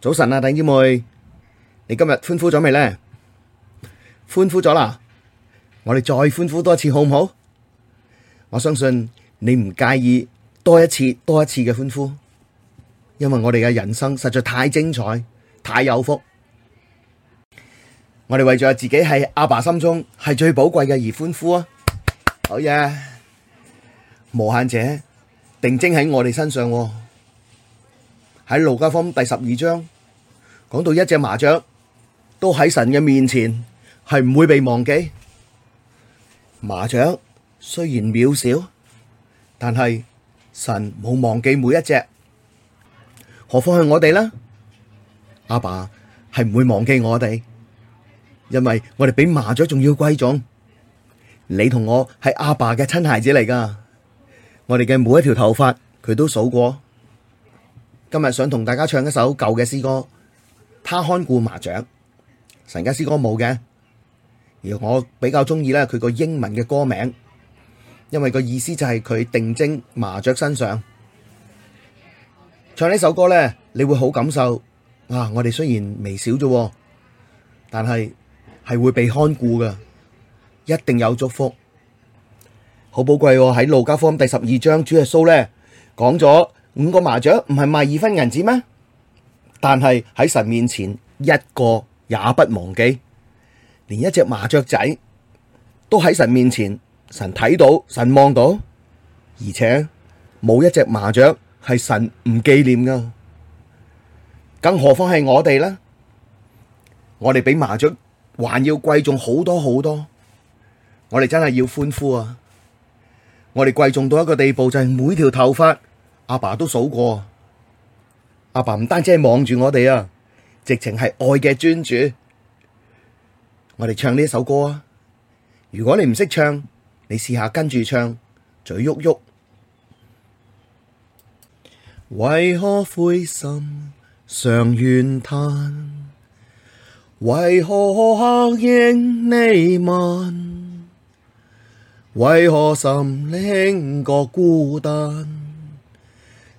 早晨啊，弟姊妹，你今日歡呼咗未咧？歡呼咗啦，我哋再歡呼多一次，好唔好？我相信你唔介意多一次、多一次嘅歡呼，因為我哋嘅人生實在太精彩、太有福。我哋為咗自己喺阿爸心中係最寶貴嘅而歡呼啊！好嘢，無限者定睛喺我哋身上。喺《路加福音》第十二章，講到一隻麻雀都喺神嘅面前係唔會被忘記。麻雀雖然渺小，但係神冇忘記每一隻，何況係我哋呢？阿爸係唔會忘記我哋，因為我哋比麻雀仲要貴重。你同我係阿爸嘅親孩子嚟噶，我哋嘅每一條頭髮佢都數過。今日想同大家唱一首舊嘅詩歌，他看顧麻雀，神家詩歌冇嘅，而我比較中意咧佢個英文嘅歌名，因為個意思就係佢定睛麻雀身上。唱呢首歌咧，你會好感受，啊！我哋雖然微小啫，但係係會被看顧嘅，一定有祝福，好寶貴喎！喺路加福音第十二章，主耶穌咧講咗。五個麻雀唔係賣二分銀子咩？但係喺神面前一個也不忘記，連一隻麻雀仔都喺神面前，神睇到，神望到，而且冇一隻麻雀係神唔紀念噶。更何況係我哋呢？我哋比麻雀還要貴重好多好多，我哋真係要歡呼啊！我哋貴重到一個地步就，就係每條頭髮。阿爸都數過，阿爸唔單止係望住我哋啊，直情係愛嘅專注。我哋唱呢首歌啊！如果你唔識唱，你試下跟住唱，嘴喐喐。為何灰心常怨嘆？為何黑影彌漫？為何心靈覺孤單？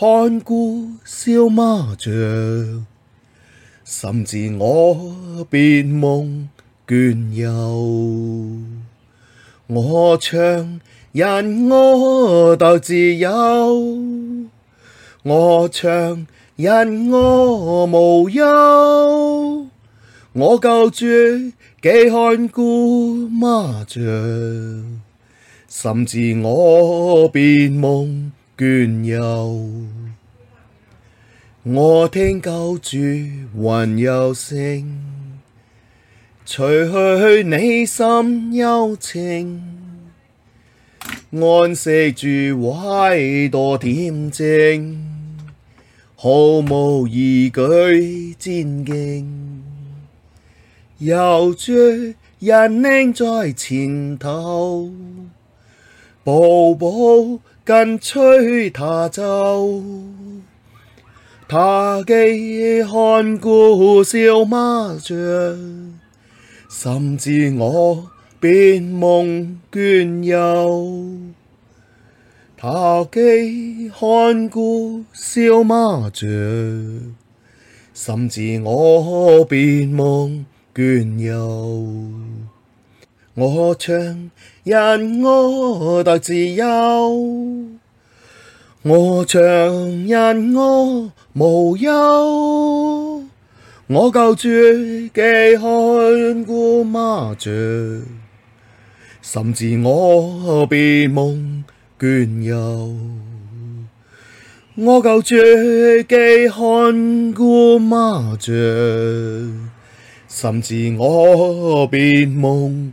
看顧小麻雀，深知我必蒙眷佑。我唱因我得自由，我唱因我無憂。我救主既看顧麻雀，深知我必蒙倦憂，我聽救主溫柔聲，除去你心憂情，安息主懷多恬靜，毫無疑懼戰驚，有主引領在前頭。步步跟隨祂走，祂既看顧小麻雀，深知我必蒙眷佑。祂既看顧小麻雀，深知我必蒙眷佑。我唱。因我得自由，我唱因我無憂。我救主既看顧麻雀，深知我必蒙眷佑。我救主既看顧麻雀，深知我必蒙。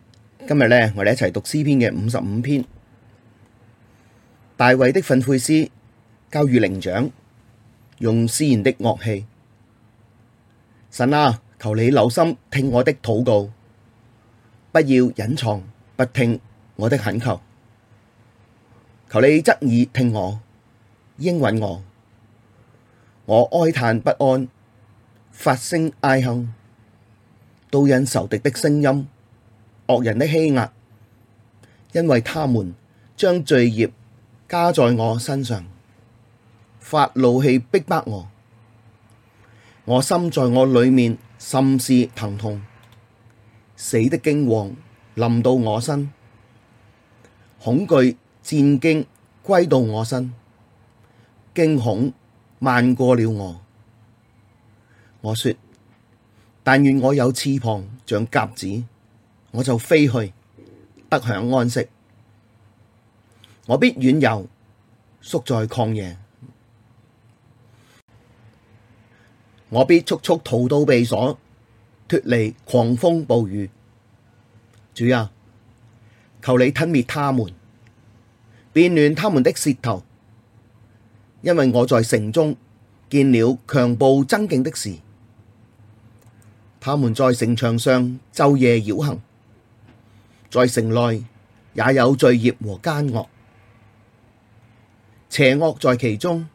今日咧，我哋一齊讀詩篇嘅五十五篇，大衛的訓誨詩，交與伶長，用絲弦的樂器。神啊，求你留心聽我的禱告，不要隱藏不聽我的懇求，求你側耳聽我，應允我。我哀嘆不安，發聲唉哼，都因仇敵的聲音。惡人的欺壓，因為他們將罪孽加在我身上，發怒氣逼迫我，我心在我裡面甚是疼痛，死的驚惶臨到我身，恐懼戰驚歸到我身，驚恐漫過了我。我說：但願我有翅膀，像鴿子。我就飛去，得享安息。我必遠遊，宿在曠野。我必速速逃到避所，脫離狂風暴雨。主啊，求你吞滅他們，變亂他們的舌頭，因為我在城中見了強暴爭競的事。他們在城牆上晝夜繞行。在城內也有罪孽和奸惡，邪惡在其中，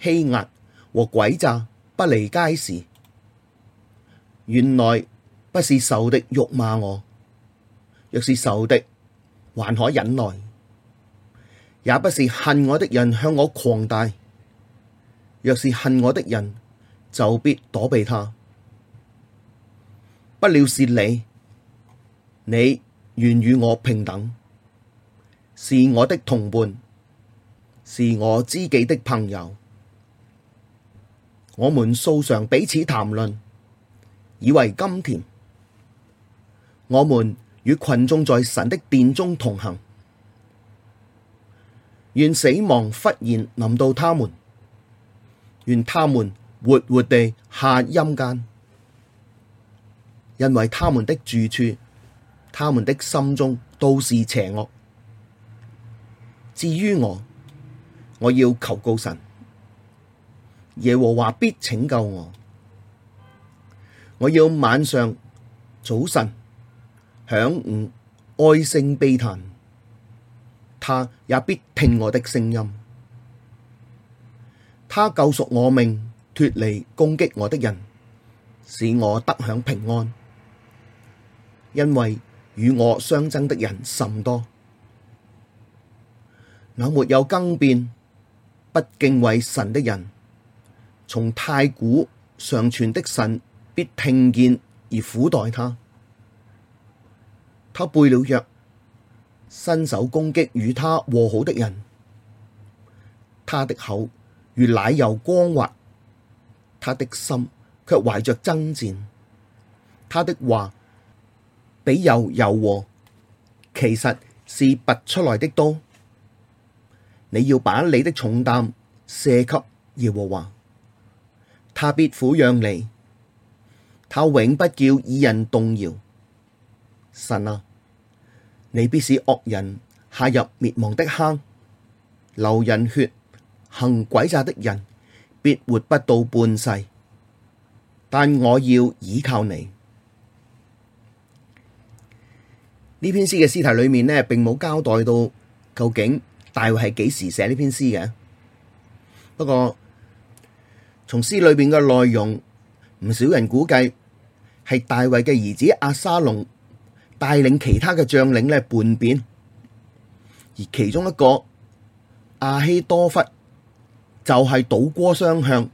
欺壓和詭詐不離街市。原來不是仇敵辱罵我，若是仇敵，還可忍耐；也不是恨我的人向我狂大，若是恨我的人，就必躲避他。不料是你。你原與我平等，是我的同伴，是我知己的朋友。我們素常彼此談論，以為甘甜。我們與群眾在神的殿中同行，願死亡忽然臨到他們，願他們活活地下陰間，因為他們的住處。他們的心中都是邪惡。至於我，我要求告神，耶和華必拯救我。我要晚上、早晨、晌午哀聲悲嘆，他也必聽我的聲音。他救贖我命，脫離攻擊我的人，使我得享平安，因為，與我相爭的人甚多，那沒有更變、不敬畏神的人，從太古常存的神必聽見而苦待他。他背了約，伸手攻擊與他和好的人。他的口如奶油光滑，他的心卻懷着爭戰，他的話，比油柔和，其實是拔出來的刀。你要把你的重擔卸給耶和華，他必撫養你，他永不叫義人動搖。神啊，你必使惡人下入滅亡的坑，流人血行詭詐的人，必活不到半世。但我要倚靠你。呢篇詩嘅詩題裏面呢，並冇交代到究竟大衛係幾時寫呢篇詩嘅。不過從詩裏邊嘅內容，唔少人估計係大衛嘅兒子阿沙隆帶領其他嘅將領呢叛變，而其中一個阿希多弗就係倒戈相向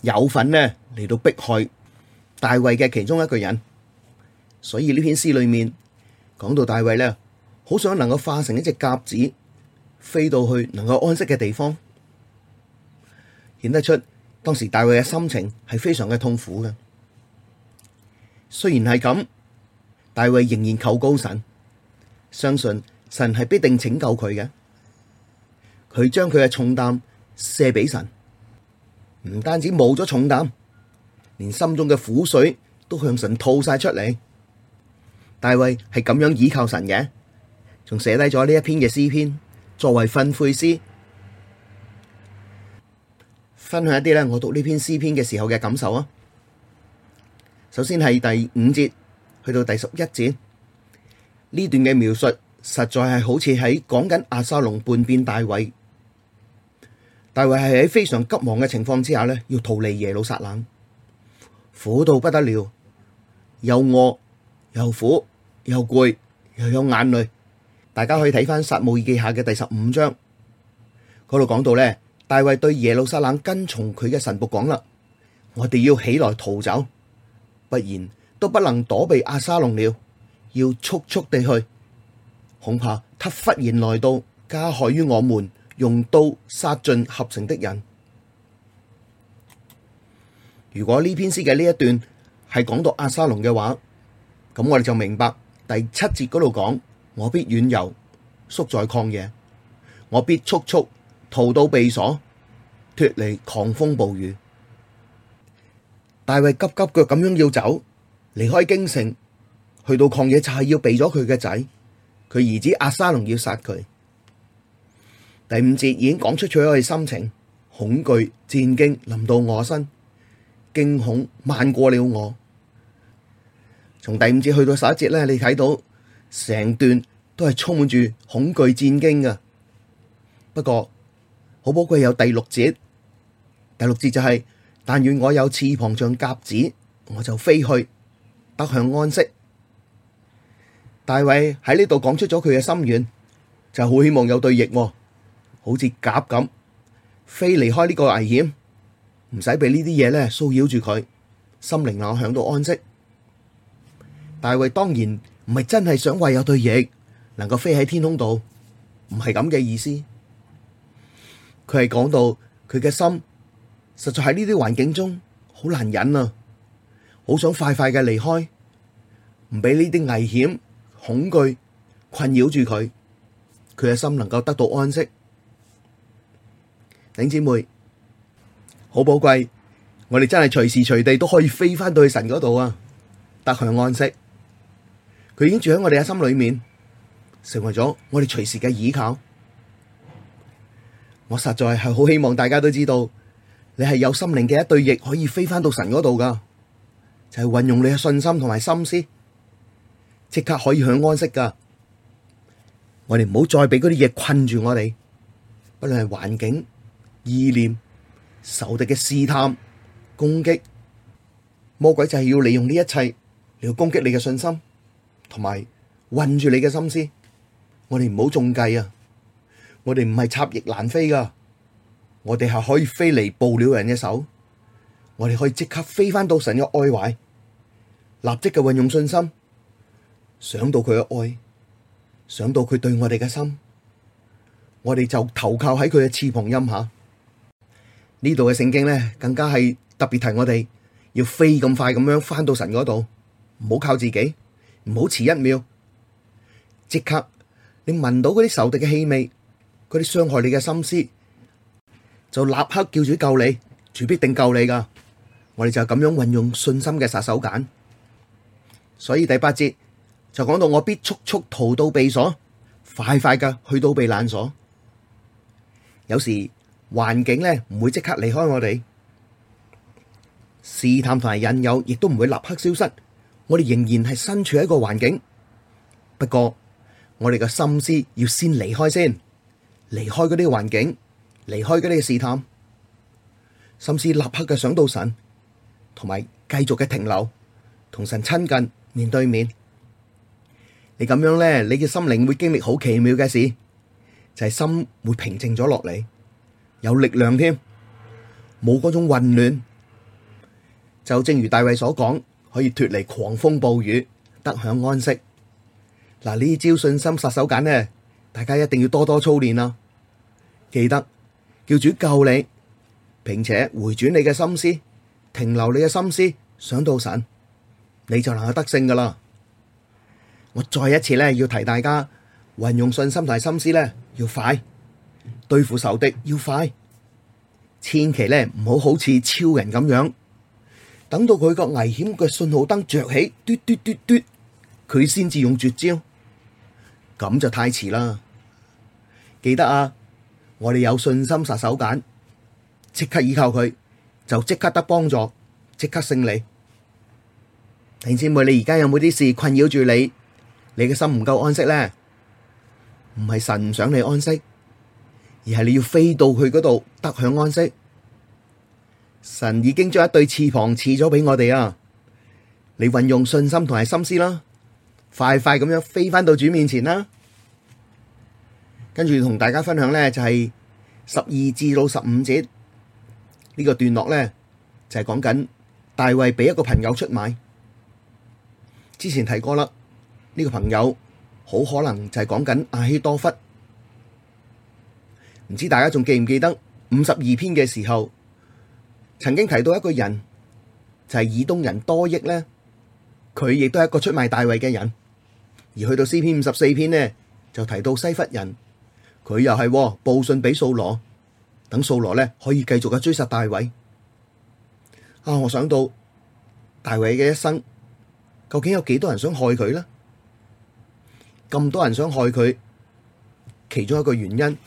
有份呢嚟到迫害大衛嘅其中一個人，所以呢篇詩裏面。講到大衛咧，好想能夠化成一隻鴿子，飛到去能夠安息嘅地方，顯得出當時大衛嘅心情係非常嘅痛苦嘅。雖然係咁，大衛仍然求告神，相信神係必定拯救佢嘅。佢將佢嘅重擔卸俾神，唔單止冇咗重擔，連心中嘅苦水都向神吐晒出嚟。大衛係咁樣倚靠神嘅，仲寫低咗呢一篇嘅詩篇，作為訓誨詩，分享一啲咧，我讀呢篇詩篇嘅時候嘅感受啊。首先係第五節去到第十一節呢段嘅描述，實在係好似喺講緊押沙龍叛變大衛，大衛係喺非常急忙嘅情況之下咧，要逃離耶路撒冷，苦到不得了，又餓。又苦又攰，又有眼淚。大家可以睇返《撒母耳記下》嘅第十五章，嗰度講到呢，大衛對耶路撒冷跟從佢嘅臣僕講啦：我哋要起來逃走，不然都不能躲避押沙龍了。要速速地去，恐怕他忽然來到，加害於我們，用刀殺盡合城的人。如果呢篇詩嘅呢一段係講到押沙龍嘅話，咁我哋就明白第七節嗰度講，我必遠遊，宿在曠野，我必速速逃到避所，脫離狂風暴雨。大衛急急腳咁樣要走，離開京城，去到曠野就係要避咗佢嘅仔，佢兒子阿沙龍要殺佢。第五節已經講出咗佢嘅心情，恐懼戰兢臨到我身，驚恐漫過了我。從第五節去到十一節咧，你睇到成段都係充滿住恐懼戰驚嘅。不過好寶貴有第六節，第六節就係、是、但願我有翅膀像鴿子，我就飛去，得享安息。大衛喺呢度講出咗佢嘅心願，就好希望有對翼、啊，好似鴿咁飛離開呢個危險，唔使俾呢啲嘢咧騷擾住佢心靈啊，我響度安息。大衛當然唔係真係想話有對翼能夠飛喺天空度，唔係咁嘅意思。佢係講到佢嘅心實在喺呢啲環境中好難忍啊，好想快快嘅離開，唔俾呢啲危險恐懼困擾住佢，佢嘅心能夠得到安息。弟兄姊妹好寶貴，我哋真係隨時隨地都可以飛翻到去神嗰度啊，得享安息。佢已經住喺我哋嘅心裏面，成為咗我哋隨時嘅依靠。我實在係好希望大家都知道，你係有心靈嘅一對翼，可以飛翻到神嗰度噶。就係運用你嘅信心同埋心思，即刻可以享安息噶。我哋唔好再俾嗰啲嘢困住我哋，不論係環境、意念、仇敵嘅試探、攻擊，魔鬼就係要利用呢一切嚟到攻擊你嘅信心。同埋困住你嘅心思，我哋唔好中計啊！我哋唔係插翼難飛噶，我哋係可以飛離捕鳥人嘅手，我哋可以即刻飛翻到神嘅愛懷，立即嘅運用信心，想到佢嘅愛，想到佢對我哋嘅心，我哋就投靠喺佢嘅翅膀蔭下。呢度嘅聖經呢，更加係特別提我哋要飛咁快咁樣翻到神嗰度，唔好靠自己。唔好遲一秒，即刻你聞到嗰啲仇敵嘅氣味，嗰啲傷害你嘅心思，就立刻叫主救你，主必定救你噶。我哋就咁樣運用信心嘅殺手鐧。所以第八節就講到我必速速逃到避所，快快噶去到避難所。有時環境呢，唔會即刻離開我哋，試探同埋引誘亦都唔會立刻消失。我哋仍然係身處喺一個環境，不過我哋嘅心思要先離開先，離開嗰啲環境，離開嗰啲試探，心思立刻嘅想到神，同埋繼續嘅停留，同神親近面對面。你咁樣咧，你嘅心靈會經歷好奇妙嘅事，就係、是、心會平靜咗落嚟，有力量添，冇嗰種混亂。就正如大衛所講。可以脫離狂風暴雨，得享安息。嗱，呢招信心殺手鐧呢，大家一定要多多操練啦、啊。記得，叫主救你，並且回轉你嘅心思，停留你嘅心思，想到神，你就能夠得勝噶啦。我再一次咧要提大家，運用信心同心思咧要快，對付仇敵要快，千祈咧唔好好似超人咁樣。等到佢個危險嘅信號燈着起，嘟嘟嘟嘟，佢先至用絕招，咁就太遲啦！記得啊，我哋有信心殺手鐧，即刻依靠佢，就即刻得幫助，即刻勝利。兄姐妹，你而家有冇啲事困擾住你？你嘅心唔夠安息咧？唔係神唔想你安息，而係你要飛到佢嗰度得享安息。神已經將一對翅膀賜咗俾我哋啊！你運用信心同埋心思啦，快快咁樣飛翻到主面前啦！跟住同大家分享呢，就係十二至到十五節呢個段落呢，就係講緊大衛俾一個朋友出賣。之前提過啦，呢個朋友好可能就係講緊阿希多弗，唔知大家仲記唔記得五十二篇嘅時候？曾經提到一個人，就係、是、以東人多益呢。佢亦都係一個出賣大衛嘅人。而去到詩篇五十四篇呢，就提到西弗人，佢又係報信俾掃羅，等掃羅呢可以繼續嘅追殺大衛。啊！我想到大衛嘅一生，究竟有幾多，多人想害佢呢？咁多人想害佢，其中一個原因，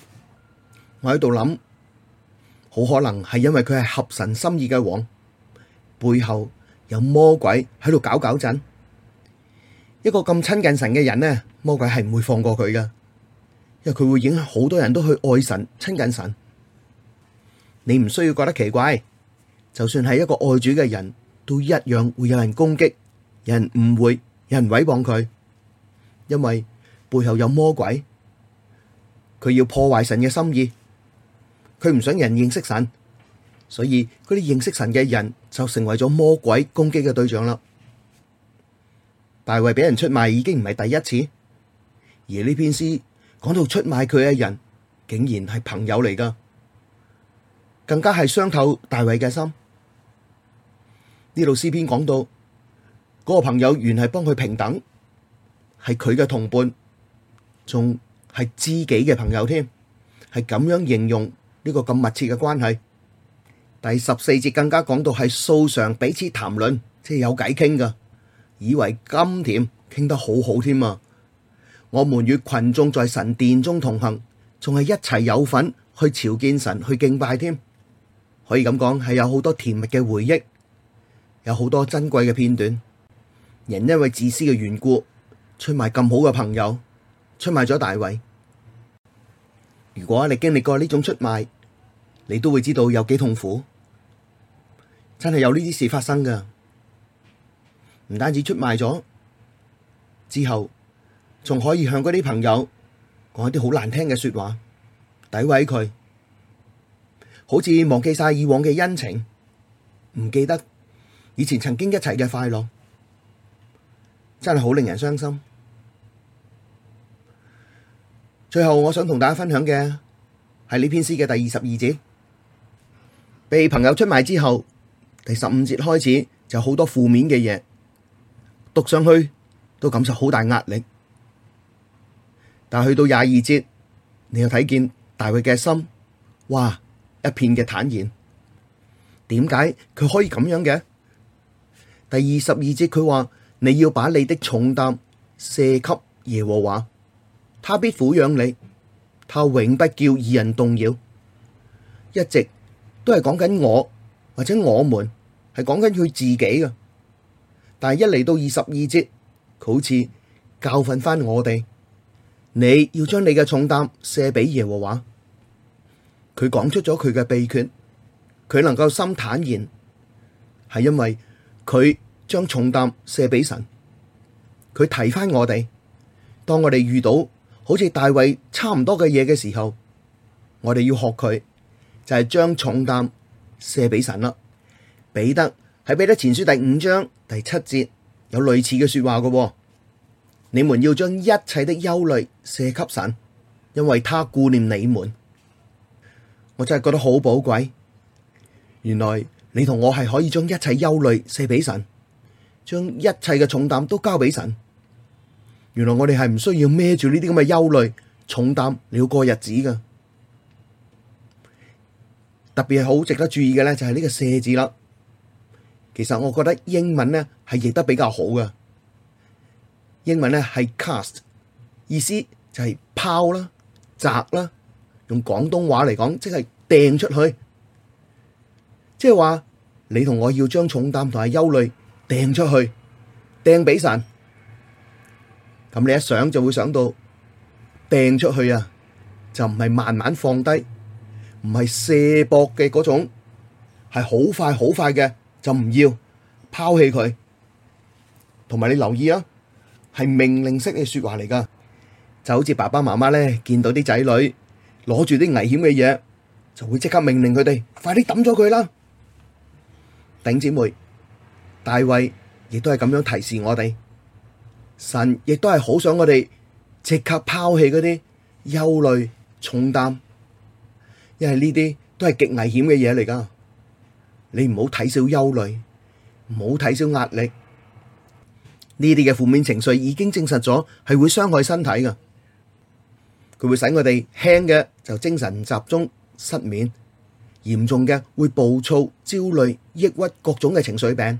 我喺度諗。好可能係因為佢係合神心意嘅王，背後有魔鬼喺度搞搞震。一個咁親近神嘅人呢，魔鬼係唔會放過佢㗎，因為佢會影響好多人都去愛神、親近神。你唔需要覺得奇怪，就算係一個愛主嘅人都一樣會有人攻擊、有人誤會、有人毀謗佢，因為背後有魔鬼，佢要破壞神嘅心意。佢唔想人認識神，所以嗰啲認識神嘅人就成為咗魔鬼攻擊嘅對象啦。大衛俾人出賣已經唔係第一次，而呢篇詩講到出賣佢嘅人竟然係朋友嚟噶，更加係傷透大衛嘅心。呢度詩篇講到，嗰個朋友原來係幫佢平等，係佢嘅同伴，仲係知己嘅朋友添，係咁樣形容。呢個咁密切嘅關係，第十四節更加講到係素常彼此談論，即係有偈傾㗎，以為甘甜傾得好好添啊！我們與群眾在神殿中同行，仲係一齊有份去朝見神、去敬拜添。可以咁講係有好多甜蜜嘅回憶，有好多珍貴嘅片段。人因為自私嘅緣故，出賣咁好嘅朋友，出賣咗大衛。如果你經歷過呢種出賣，你都會知道有幾痛苦。真係有呢啲事發生噶，唔單止出賣咗，之後，仲可以向嗰啲朋友講一啲好難聽嘅說話，詆毀佢，好似忘記晒以往嘅恩情，唔記得以前曾經一齊嘅快樂，真係好令人傷心。最後我想同大家分享嘅係呢篇詩嘅第二十二節，被朋友出賣之後，第十五節開始就好多負面嘅嘢，讀上去都感受好大壓力。但去到廿二節，你又睇見大衛嘅心，哇，一片嘅坦然。點解佢可以咁樣嘅？第二十二節佢話你要把你的重擔卸給耶和華。他必撫養你，他永不叫義人動搖，一直都係講緊我或者我們係講緊佢自己噶。但係一嚟到二十二節，佢好似教訓翻我哋，你要將你嘅重擔卸俾耶和華。佢講出咗佢嘅秘訣，佢能夠心坦然，係因為佢將重擔卸俾神。佢提翻我哋，當我哋遇到。好似大衛差唔多嘅嘢嘅時候，我哋要學佢，就係將重擔卸俾神啦。彼得喺彼得前書第五章第七節有類似嘅說話嘅，你們要將一切的憂慮卸給神，因為他顧念你們。我真係覺得好寶貴，原來你同我係可以將一切憂慮卸俾神，將一切嘅重擔都交俾神。原來我哋係唔需要孭住呢啲咁嘅憂慮、重擔你要過日子噶特別係好值得注意嘅咧，就係呢個卸字啦。其實我覺得英文呢係譯得比較好噶英文呢係 cast，意思就係拋啦、摘啦，用廣東話嚟講，即係掟出去，即係話你同我要將重擔同埋憂慮掟出去，掟俾神。咁你一想就會想到掟出去啊，就唔係慢慢放低，唔係卸膊嘅嗰種，係好快好快嘅就唔要拋棄佢。同埋你留意啊，係命令式嘅説話嚟㗎，就好似爸爸媽媽咧見到啲仔女攞住啲危險嘅嘢，就會即刻命令佢哋快啲抌咗佢啦。頂姐妹，大衛亦都係咁樣提示我哋。神亦都係好想我哋即刻拋棄嗰啲憂慮重擔，因為呢啲都係極危險嘅嘢嚟㗎。你唔好睇少憂慮，唔好睇少壓力，呢啲嘅負面情緒已經證實咗係會傷害身體㗎。佢會使我哋輕嘅就精神集中失眠，嚴重嘅會暴躁、焦慮、抑鬱各種嘅情緒病。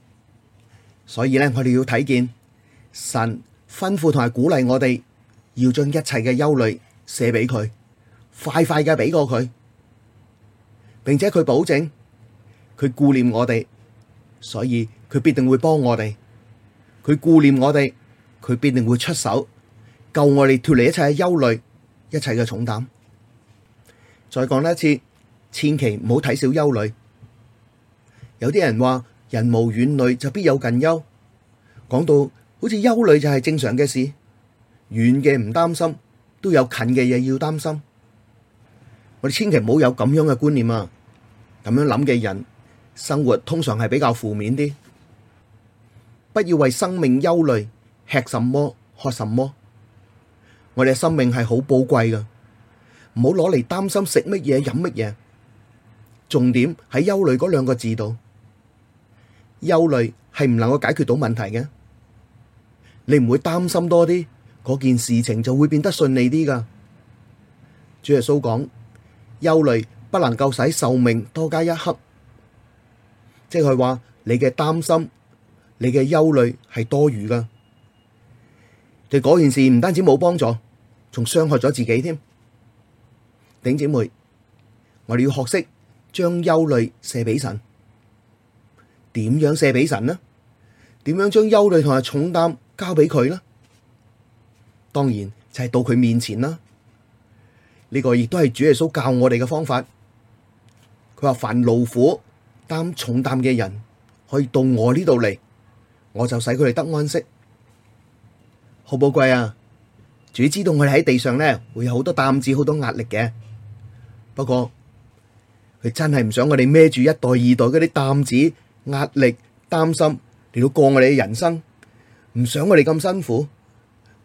所以咧，我哋要睇見神吩咐同埋鼓勵我哋，要將一切嘅憂慮卸俾佢，快快嘅俾過佢，並且佢保證，佢顧念我哋，所以佢必定會幫我哋。佢顧念我哋，佢必定會出手救我哋脫離一切嘅憂慮，一切嘅重擔。再講多一次，千祈唔好睇小憂慮。有啲人話，人無遠慮就必有近憂，講到好似憂慮就係正常嘅事，遠嘅唔擔心，都有近嘅嘢要擔心。我哋千祈唔好有咁樣嘅觀念啊！咁樣諗嘅人，生活通常係比較負面啲。不要為生命憂慮，吃什麼，喝什麼。我哋嘅生命係好寶貴㗎，唔好攞嚟擔心食乜嘢飲乜嘢。重點喺憂慮嗰兩個字度。憂慮係唔能夠解決到問題嘅，你唔會擔心多啲，嗰件事情就會變得順利啲噶。主耶穌講，憂慮不能夠使壽命多加一刻，即係話你嘅擔心、你嘅憂慮係多餘噶，對嗰件事唔單止冇幫助，仲傷害咗自己添。頂姐妹，我哋要學識將憂慮卸俾神。點樣卸俾神呢？點樣將憂慮同埋重擔交俾佢呢？當然就係到佢面前啦。呢個亦都係主耶穌教我哋嘅方法。佢話凡勞苦擔重擔嘅人，可以到我呢度嚟，我就使佢哋得安息。好寶貴啊！主知道我哋喺地上呢，會有好多擔子、好多壓力嘅，不過佢真係唔想我哋孭住一代二代嗰啲擔子。壓力、擔心嚟到過我哋嘅人生，唔想我哋咁辛苦，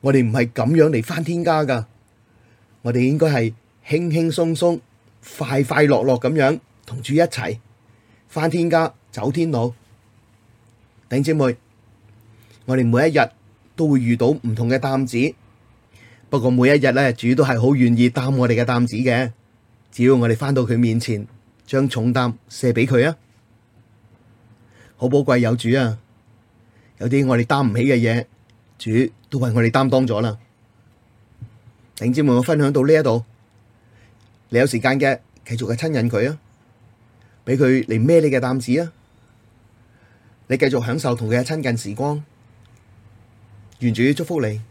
我哋唔係咁樣嚟翻天家噶，我哋應該係輕輕鬆鬆、快快樂樂咁樣同主一齊翻天家、走天路。頂姐妹，我哋每一日都會遇到唔同嘅擔子，不過每一日咧，主都係好願意擔我哋嘅擔子嘅，只要我哋翻到佢面前，將重擔卸俾佢啊！好寶貴有主啊，有啲我哋擔唔起嘅嘢，主都為我哋擔當咗啦。弟兄姊妹，我分享到呢一度，你有時間嘅繼續去親近佢啊，俾佢嚟孭你嘅擔子啊，你繼續享受同佢嘅親近時光。願主祝福你。